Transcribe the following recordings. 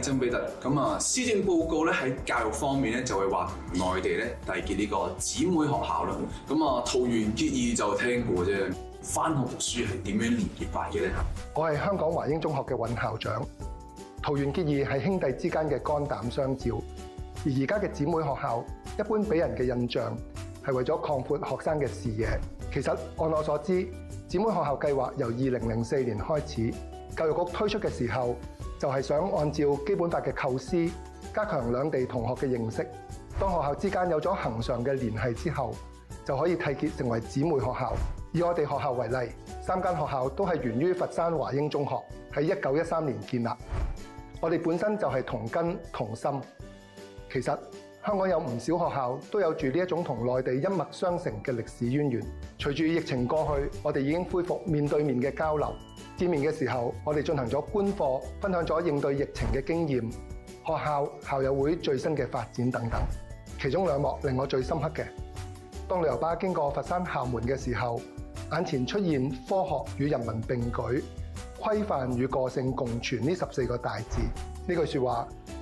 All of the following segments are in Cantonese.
曾比特咁啊！施政報告咧喺教育方面咧，就會話內地咧，締結呢個姊妹學校啦。咁啊，桃園結義就聽過啫。返學讀書係點樣連結法嘅咧？我係香港華英中學嘅尹校長。桃園結義係兄弟之間嘅肝膽相照，而而家嘅姊妹學校一般俾人嘅印象係為咗擴闊學生嘅視野。其實按我所知，姊妹學校計劃由二零零四年開始。教育局推出嘅時候，就係想按照基本法嘅構思，加強兩地同學嘅認識。當學校之間有咗恒常嘅聯繫之後，就可以締結成為姊妹學校。以我哋學校為例，三間學校都係源於佛山華英中學，喺一九一三年建立。我哋本身就係同根同心，其實。香港有唔少學校都有住呢一種同內地一脈相承嘅歷史淵源。隨住疫情過去，我哋已經恢復面對面嘅交流。見面嘅時候，我哋進行咗觀課，分享咗應對疫情嘅經驗、學校校友會最新嘅發展等等。其中兩幕令我最深刻嘅，當旅遊巴經過佛山校門嘅時候，眼前出現「科學與人文並舉，規範與個性共存」呢十四個大字呢句説話。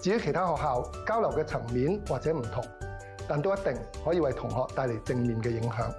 至於其他學校交流嘅層面或者唔同，但都一定可以為同學帶嚟正面嘅影響。